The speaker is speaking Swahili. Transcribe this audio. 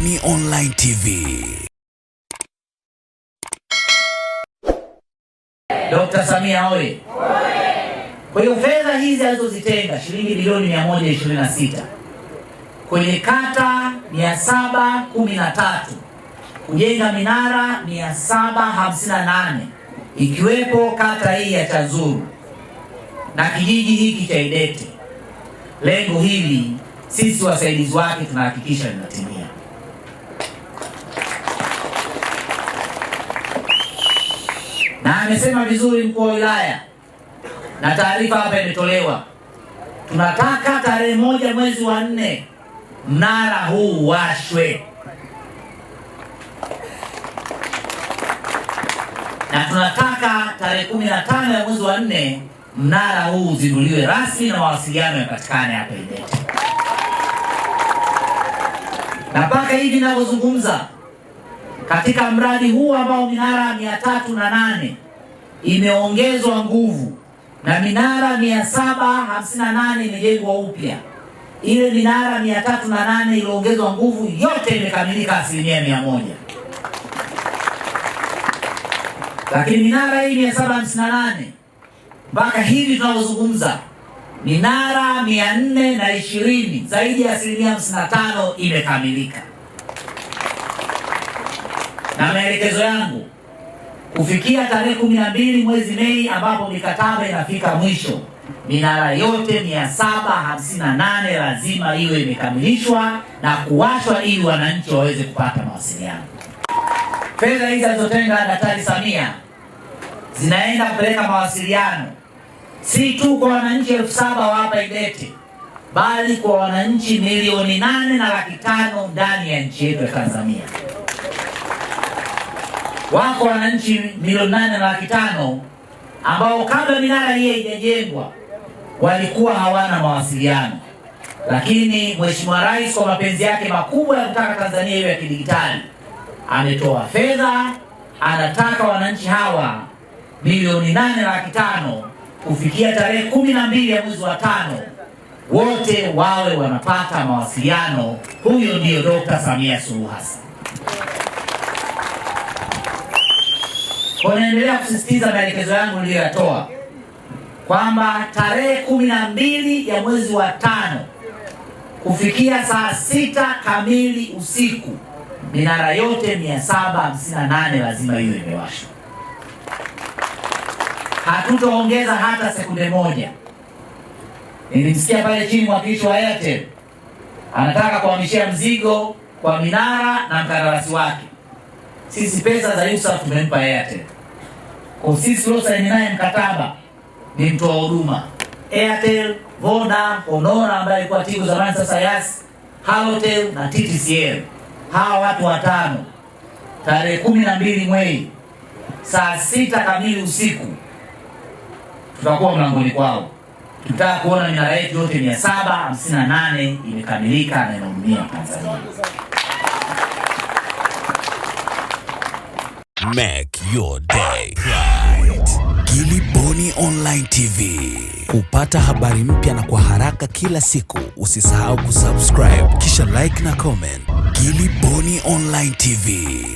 Boni Online TV. Dr. Samia oye! Kwa hiyo fedha hizi alizozitenga shilingi bilioni 126 kwenye kata 713 kujenga minara 758 ikiwepo kata hii ya Chanzuru na kijiji hiki cha Idete. Lengo hili sisi wasaidizi wake tunahakikisha linatimia. na amesema vizuri mkuu wa wilaya, na taarifa hapa imetolewa. Tunataka tarehe moja mwezi wa nne mnara huu washwe, na tunataka tarehe kumi na tano ya mwezi wa nne mnara huu uzinduliwe rasmi na mawasiliano yapatikane hapa Idete, na mpaka hivi ninavyozungumza katika mradi huu ambao minara mia tatu na nane imeongezwa nguvu na minara mia saba hamsini na nane imejengwa upya. Ile minara mia tatu na nane iliongezwa nguvu, yote imekamilika asilimia mia moja. Lakini minara hii mia saba hamsini na nane mpaka hivi tunavyozungumza minara mia nne na ishirini zaidi ya asilimia hamsini na tano imekamilika na maelekezo yangu kufikia tarehe kumi na mbili mwezi Mei ambapo mikataba inafika mwisho, minara yote 758 lazima iwe imekamilishwa na kuwashwa ili wananchi waweze kupata mawasiliano. Fedha hizi alizotenga Daktari Samia zinaenda kupeleka mawasiliano si tu kwa wananchi elfu saba wa hapa Idete bali kwa wananchi milioni nane na laki tano ndani ya nchi yetu ya Tanzania wako wananchi milioni nane na laki tano ambao kabla minara hii haijajengwa walikuwa hawana mawasiliano, lakini Mheshimiwa Rais kwa mapenzi yake makubwa ya kutaka Tanzania iwe ya kidigitali ametoa fedha, anataka wananchi hawa milioni nane na laki tano kufikia tarehe kumi na mbili ya mwezi wa tano wote wawe wanapata mawasiliano. Huyo ndiyo Dr. Samia Suluhu Hassan. Kwa naendelea kusisitiza maelekezo yangu niliyoyatoa kwamba tarehe kumi na mbili ya mwezi wa tano kufikia saa sita kamili usiku minara yote 758 lazima iwe imewashwa. hatutoongeza hata sekunde moja. Nilimsikia pale chini mwakilishi wa Airtel anataka kuhamishia mzigo kwa minara na mkandarasi wake sisi pesa za USAF tumempa Airtel. Kwa sisi tuliosaini naye mkataba ni mtoa huduma Airtel, Voda, honora ambaye alikuwa Tigo zamani, sasa Yas, Halotel na TTCL. Hawa watu watano, tarehe kumi na mbili Mei saa sita kamili usiku tutakuwa mlangoni kwao. Tutaka kuona minara yetu yote mia saba hamsini na nane imekamilika na inahudumia Tanzania. Make your day right. Gilly Bonny Online TV. Kupata habari mpya na kwa haraka kila siku, usisahau kusubscribe kisha like na comment. Gilly Bonny Online TV.